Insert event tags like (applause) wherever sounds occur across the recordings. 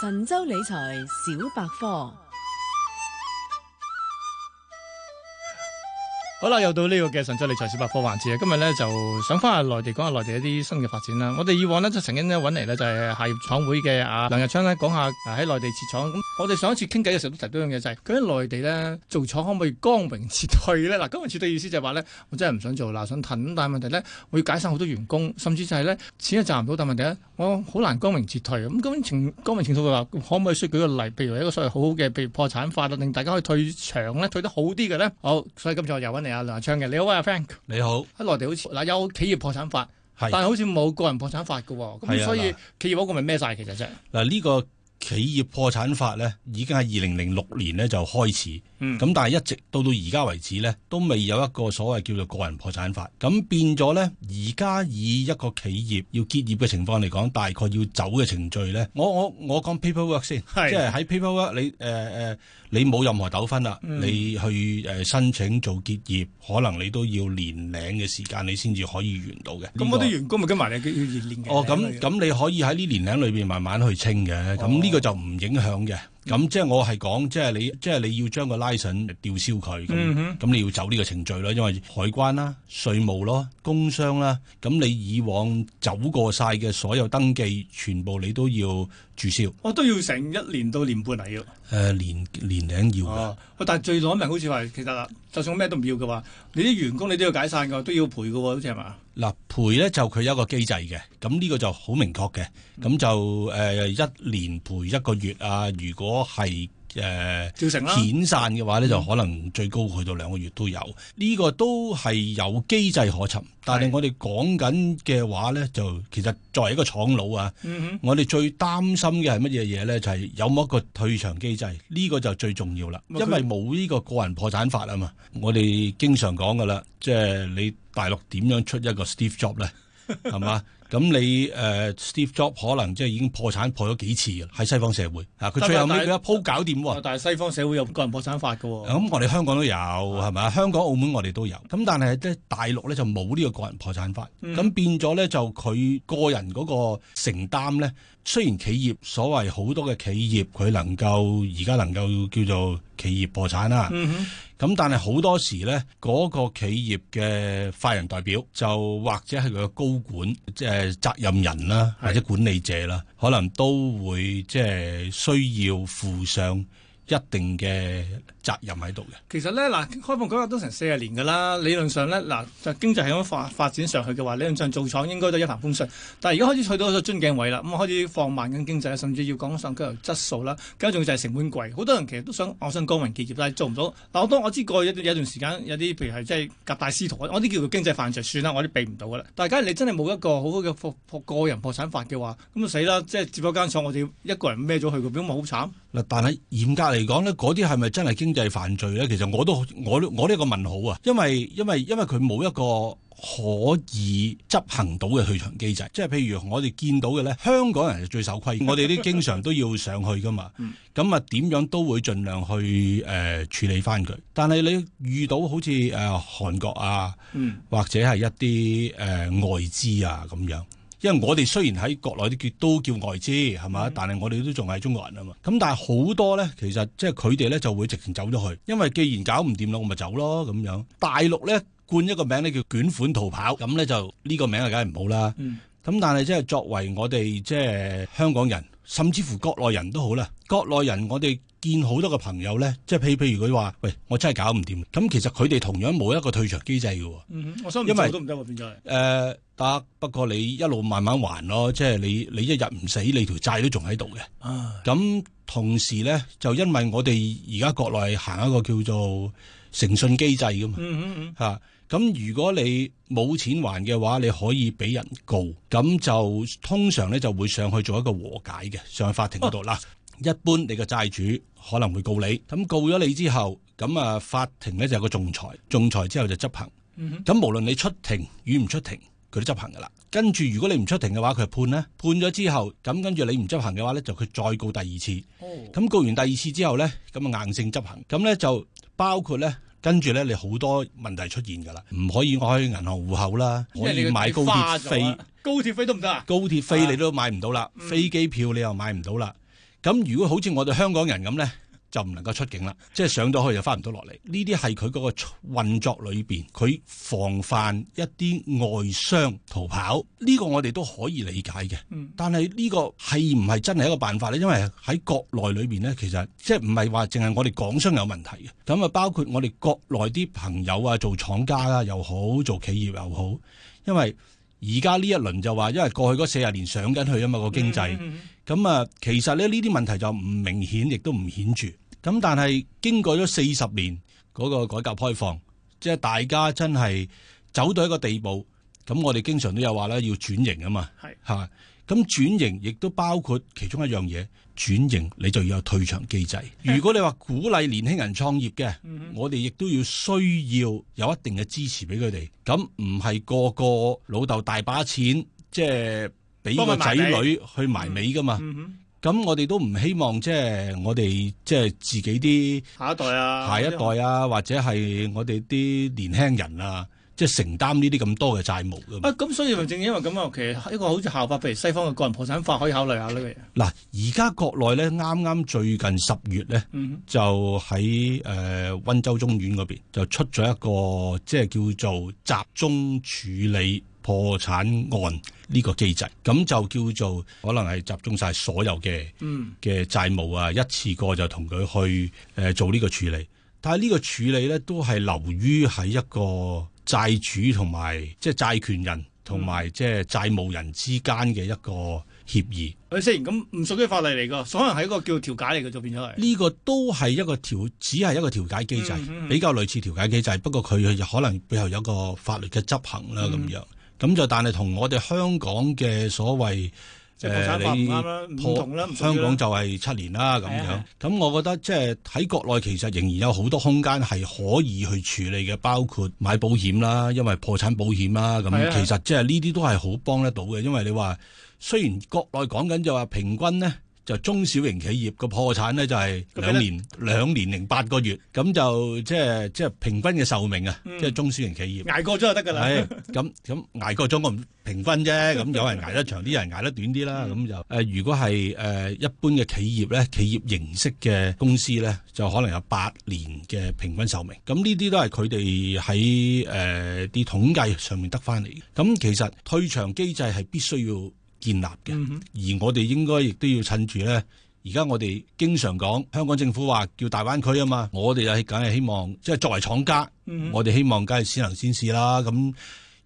神州理財小百科。好啦，又到呢、這個嘅神州理財小百科環節啊！今日呢，就想翻下內地，講下內地一啲新嘅發展啦。我哋以往呢，就曾經咧揾嚟呢，就係、是、下業廠會嘅阿梁日昌呢講下喺內地設廠。咁、嗯、我哋上一次傾偈嘅時候都提到樣嘢就係佢喺內地呢，做廠可唔可以光明撤退呢？嗱，光明撤退意思就係話呢，我真係唔想做啦，想停。但係問題咧，我要解散好多員工，甚至就係呢錢又賺唔到。但係問題呢，我好難光明撤退。咁、嗯、咁光明前途嘅話，可唔可以說舉個例，譬如一個所謂好好嘅，譬如破產法令大家可以退場呢，退得好啲嘅呢。好，所以今次我又揾你。阿梁日昌嘅，你好啊 Frank， (noise) 你好喺內 (noise) 地好似嗱有企業破產法，是但係好似冇個人破產法嘅，咁、啊、所以企業嗰個咪孭晒其實啫、就是。嗱呢、啊這個。企業破產法咧已經喺二零零六年咧就開始，咁、嗯、但係一直到到而家為止咧都未有一個所謂叫做個人破產法，咁變咗咧而家以一個企業要結業嘅情況嚟講，大概要走嘅程序咧，我我我講 paperwork 先，的即係喺 paperwork 你誒誒、呃、你冇任何糾紛啦，嗯、你去誒申請做結業，可能你都要年零嘅時間你先至可以完到嘅。咁嗰啲員工咪跟埋你哦，咁咁、哦、你可以喺呢年零裏邊慢慢去清嘅，咁呢、哦呢個。就唔影響嘅。咁即係我係講，即係你，即係你要將個 license 吊銷佢，咁咁你要走呢個程序咯，因為海關啦、啊、稅務咯、啊、工商啦、啊，咁你以往走過晒嘅所有登記，全部你都要註銷。我、哦、都要成一年到一年半啊，要。誒，年年領要嘅、哦哦。但係最攞命好似話，其實啦，就算我咩都唔要嘅話，你啲員工你都要解散嘅，都要賠嘅，好似係嘛？嗱、呃，賠咧就佢有一個機制嘅，咁呢個就好明確嘅，咁就誒、呃、一年賠一個月啊，如果。如果係誒遣散嘅話呢，就可能最高去到兩個月都有。呢、這個都係有機制可尋，但係我哋講緊嘅話呢，就其實作為一個廠佬啊，嗯、哼我哋最擔心嘅係乜嘢嘢呢？就係、是、有冇一個退場機制？呢、這個就最重要啦，因為冇呢個個人破產法啊嘛。我哋經常講噶啦，即、就、係、是、你大陸點樣出一個 Steve Job 呢？係嘛？ (laughs) 咁你誒、呃、Steve Jobs 可能即係已經破產破咗幾次嘅，喺西方社會，啊，佢最後尾佢是一鋪搞掂喎。但係西方社會有個人破產法嘅喎、哦。咁、嗯、我哋香港都有係咪啊？香港、澳門我哋都有。咁但係即係大陸咧就冇呢個個人破產法。咁變咗咧就佢個人嗰個承擔咧，雖然企業所謂好多嘅企業佢能夠而家能夠叫做企業破產啦、啊。咁、嗯、哼但係好多時咧嗰、嗰個企業嘅法人代表就或者係佢嘅高管即係。誒責任人啦，或者管理者啦，是的 可能都會，即係需要負上。一定嘅責任喺度嘅。其實咧，嗱，開放改革都成四十年噶啦。理論上咧，嗱，就經濟係咁發發展上去嘅話，理論上做廠應該都一帆風順。但係而家開始去到樽頸位啦，咁、嗯、開始放慢緊經濟，甚至要講上講求質素啦。而家仲就係成本貴，好多人其實都想我想高門企業，但係做唔到。嗱，我當我知過去有一段時間有啲，譬如係即係夾大師徒，我啲叫做經濟犯罪算啦，我啲避唔到噶啦。但係假如你真係冇一個好好嘅破個人破產法嘅話，咁啊死啦！即係接咗間廠，我哋一個人孭咗去嘅，咁咪好慘。但係嚴格嚟講咧，嗰啲係咪真係經濟犯罪咧？其實我都我我呢個問號啊，因為因為因為佢冇一個可以執行到嘅退場機制，即係譬如我哋見到嘅咧，香港人係最守規，我哋啲經常都要上去噶嘛，咁啊點樣都會盡量去誒、呃、處理返佢。但係你遇到好似誒韓國啊， (laughs) 或者係一啲誒、呃、外資啊咁樣。因為我哋雖然喺國內啲叫都叫外資係嘛，但係我哋都仲係中國人啊嘛。咁但係好多咧，其實即係佢哋咧就會直情走咗去，因為既然搞唔掂咯，我咪走咯咁樣。大陸咧冠一個名咧叫捲款逃跑，咁咧就呢個名係梗係唔好啦。咁、嗯、但係即係作為我哋即係香港人。甚至乎國內人都好啦，國內人我哋見好多個朋友咧，即係譬譬如佢話：喂，我真係搞唔掂。咁其實佢哋同樣冇一個退場機制嘅。嗯哼，我想唔做都唔得個變咗係。呃，得。不過你一路慢慢還咯，即係你你一日唔死，你條債都仲喺度嘅。啊唉，咁同時咧，就因為我哋而家國內行一個叫做誠信機制噶嘛，嚇咁、mm hmm. 啊、如果你冇錢還嘅話，你可以俾人告，咁就通常咧就會上去做一個和解嘅，上去法庭嗰度啦。Oh. 一般你個債主可能會告你，咁告咗你之後，咁啊法庭咧就有、是、個仲裁，仲裁之後就執行。咁、mm hmm. 無論你出庭與唔出庭，佢都執行㗎啦。跟住如果你唔出庭嘅話，佢就判咧判咗之後，咁跟住你唔執行嘅話咧，就佢再告第二次。咁、oh. 告完第二次之後咧，咁啊硬性執行，咁咧就，就包括咧。跟住呢，你好多問題出現噶啦，唔可以開銀行戶口啦，可以買高鐵飛，鐵啊、高鐵飛都唔得啊，高鐵飛你都買唔到啦，嗯、飛機票你又買唔到啦，咁如果好似我哋香港人咁呢。就唔能夠出境啦，即係上到去就翻唔到落嚟。呢啲係佢嗰個運作裏邊，佢防範一啲外商逃跑。呢、呢個我哋都可以理解嘅。但係呢個係唔係真係一個辦法呢？因為喺國內裏邊呢，其實即係唔係話淨係我哋港商有問題嘅。咁啊，包括我哋國內啲朋友啊，做廠家啦、啊、又好，做企業又好。因為而家呢一輪就話，因為過去嗰四十年上緊去啊嘛，個經濟。咁啊、嗯嗯嗯，其實呢呢啲問題就唔明顯，亦都唔顯著。咁但係經過咗四十年嗰個改革開放，即係大家真係走到一個地步，咁我哋經常都有話咧，要轉型啊嘛。係吓是，咁轉型亦都包括其中一樣嘢，轉型你就要有退場機制。是如果你話鼓勵年輕人創業嘅，嗯、哼我哋亦都要需要有一定嘅支持俾佢哋。咁唔係個個老豆大把錢，即係俾個仔女去埋尾噶嘛。嗯嗯咁我哋都唔希望，即係我哋即係自己啲下一代啊，下一代啊，或者係我哋啲年輕人啊，即係承擔呢啲咁多嘅債務啊。啊，咁所以咪正因為咁啊，其實一個好似效法，譬如西方嘅個人破產法，可以考慮下呢咯。嗱，而家國內咧，啱啱最近十月咧，就喺誒溫州中院嗰邊就出咗一個，即係叫做集中處理。破產案呢個機制，咁就叫做可能係集中晒所有嘅嘅、嗯、債務啊，一次過就同佢去誒、呃、做呢個處理。但係呢個處理咧，都係流於喺一個債主同埋即係債權人同埋即係債務人之間嘅一個協議。咁雖然咁唔屬於法例嚟㗎，可能係一個叫調解嚟嘅，就變咗係呢個都係一個調，只係一個調解機制，嗯嗯、比較類似調解機制。不過佢可能背後有一個法律嘅執行啦，咁樣、嗯。咁就但係同我哋香港嘅所謂，即係是、呃、破產法唔啱啦，唔破同啦。香港就係七年啦咁的樣。咁的、嗯、我覺得即係喺國內其實仍然有好多空間係可以去處理嘅，包括買保險啦，因為破產保險啦咁。嗯、的其實即係呢啲都係好幫得到嘅，因為你話雖然國內講緊就話平均咧。就中小型企業個破產咧，就係、是、兩年兩年零八個月，咁就即係即係平均嘅壽命啊！即係、嗯、中小型企業捱過咗就， (laughs) 過就得噶 (laughs) 啦。咁咁捱過咗咁平均啫。咁有人捱得長啲，有人捱得短啲啦。咁就誒，如果係誒、呃、一般嘅企業咧，企業形式嘅公司咧，就可能有八年嘅平均壽命。咁呢啲都係佢哋喺誒啲統計上面得翻嚟。咁其實退場機制係必須要建立嘅，而我哋應該亦都要趁住咧。而家我哋經常講香港政府話叫大灣區啊嘛，我哋係梗係希望，即係作為廠家，我哋希望梗係先行先試啦。咁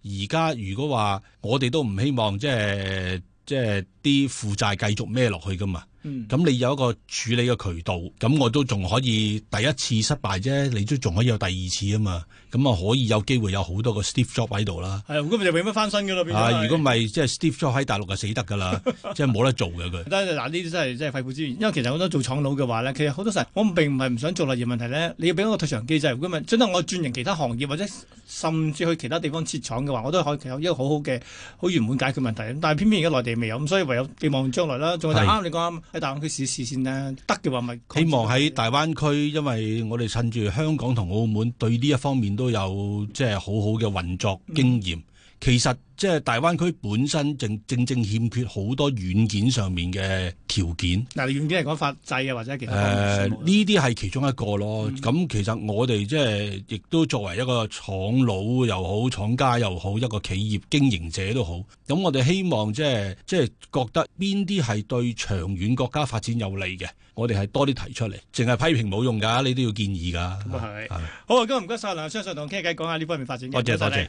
而家如果話我哋都唔希望，即係即係啲負債繼續孭落去噶嘛。咁、嗯、你有一個處理嘅渠道，咁我都仲可以第一次失敗啫，你都仲可以有第二次啊嘛，咁啊可以有機會有好多個 Steve Jobs 喺度啦。係，如果咪就永乜翻身嘅咯？如果唔係即係 Steve Jobs 喺大陸就死得㗎啦，即係冇得做嘅佢。嗱，呢啲 (laughs) 真係真係肺腑之言，因為其實好多做廠佬嘅話呢，其實好多時候我並唔係唔想做內地問題呢。你要俾我個退場機制，如果咪真係我轉型其他行業或者甚至去其他地方設廠嘅話，我都可以有一個好好嘅好圓滿解決問題。但係偏偏而家內地未有，咁所以唯有寄望將來啦。仲係啱你講啱。喺大灣區試試先啦，得嘅話咪，希望喺大灣區，因為我哋趁住香港同澳門對呢一方面都有即係、就是、好好嘅運作經驗。嗯其實即係大灣區本身正正正欠缺好多軟件上面嘅條件。嗱、呃，軟件嚟講法制啊，或者其他。誒、呃，呢啲係其中一個咯。咁、嗯、其實我哋即係亦都作為一個廠佬又好，廠家又好，一個企業經營者都好。咁我哋希望即係即係覺得邊啲係對長遠國家發展有利嘅，我哋係多啲提出嚟。淨係批評冇用噶，你都要建議噶。係。好啊，今日唔該晒梁先生同我傾偈，講下呢方面發展。多謝多謝。謝謝。